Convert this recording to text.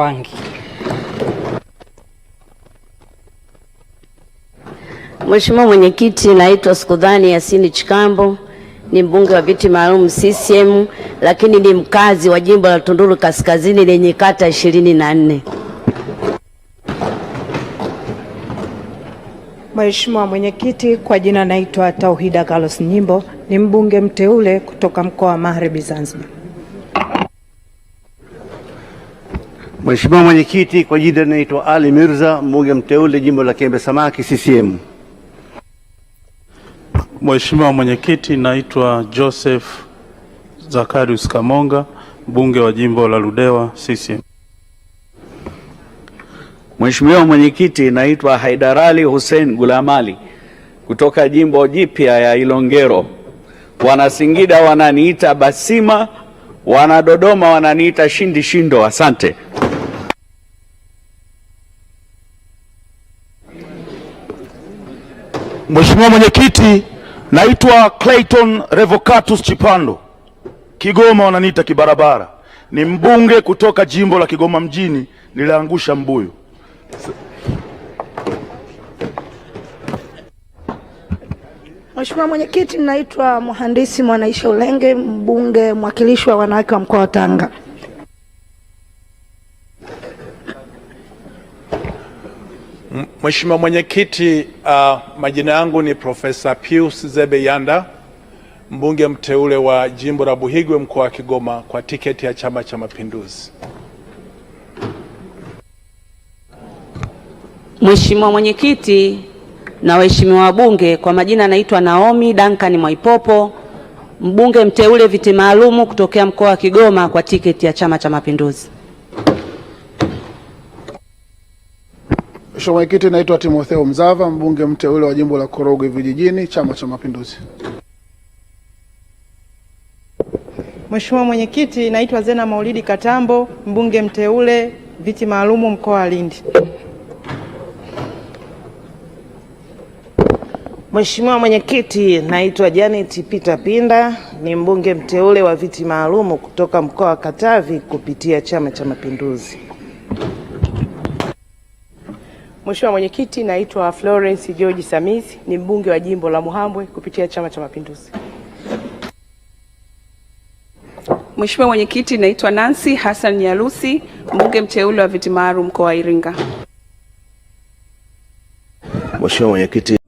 bangi. Mheshimiwa Mwenyekiti, naitwa Sukudhani Yasini Chikambo, ni mbunge wa viti maalum CCM, lakini ni mkazi wa jimbo la Tunduru Kaskazini lenye kata ishirini na nne. Mheshimiwa Mwenyekiti, kwa jina naitwa Tauhida Carlos Nyimbo, ni mbunge mteule kutoka mkoa wa Magharibi Zanzibar. Mheshimiwa Mwenyekiti, kwa jina naitwa Ali Mirza, mbunge mteule jimbo la Kiembe Samaki, CCM. Mheshimiwa Mwenyekiti, naitwa Joseph Zakarius Kamonga, mbunge wa jimbo la Ludewa, CCM. Mheshimiwa Mwenyekiti, naitwa Haidarali Hussein Gulamali kutoka jimbo jipya ya Ilongero. Wanasingida wananiita Basima, wanadodoma wananiita Shindi Shindo. Asante. Mheshimiwa Mwenyekiti, naitwa Clayton Revocatus Chipando, Kigoma wananiita kibarabara. Ni mbunge kutoka jimbo la Kigoma mjini, niliangusha mbuyu. Mheshimiwa Mwenyekiti, naitwa mhandisi Mwanaisha Ulenge, mbunge mwakilishi wa wanawake wa mkoa wa Tanga. Mheshimiwa Mwenyekiti, uh, majina yangu ni Profesa Pius yanda mbunge mteule wa jimbo la Buhigwe mkoa wa Kigoma kwa tiketi ya Chama cha Mapinduzi. Mheshimiwa Mwenyekiti na waheshimiwa wabunge, kwa majina naitwa Naomi Dankani Mwaipopo, mbunge mteule viti maalumu kutokea mkoa wa Kigoma kwa tiketi ya Chama cha Mapinduzi. Mheshimiwa Mwenyekiti, naitwa Timotheo Mzava, mbunge mteule wa jimbo la Korogwe Vijijini, Chama cha Mapinduzi. Mheshimiwa Mwenyekiti, naitwa Zena Maulidi Katambo, mbunge mteule viti maalumu mkoa wa Lindi. Mheshimiwa Mwenyekiti, naitwa Janet Peter Pinda, ni mbunge mteule wa viti maalumu kutoka mkoa wa Katavi kupitia Chama cha Mapinduzi. Mheshimiwa Mwenyekiti, naitwa Florence George Samizi, ni mbunge wa jimbo la Muhambwe kupitia Chama cha Mapinduzi. Mheshimiwa Mwenyekiti, naitwa Nancy Hassan Nyalusi, mbunge mteule wa viti maalum mkoa wa Iringa. Mheshimiwa Mwenyekiti